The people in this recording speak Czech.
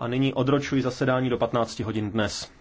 a nyní odročuji zasedání do 15 hodin dnes.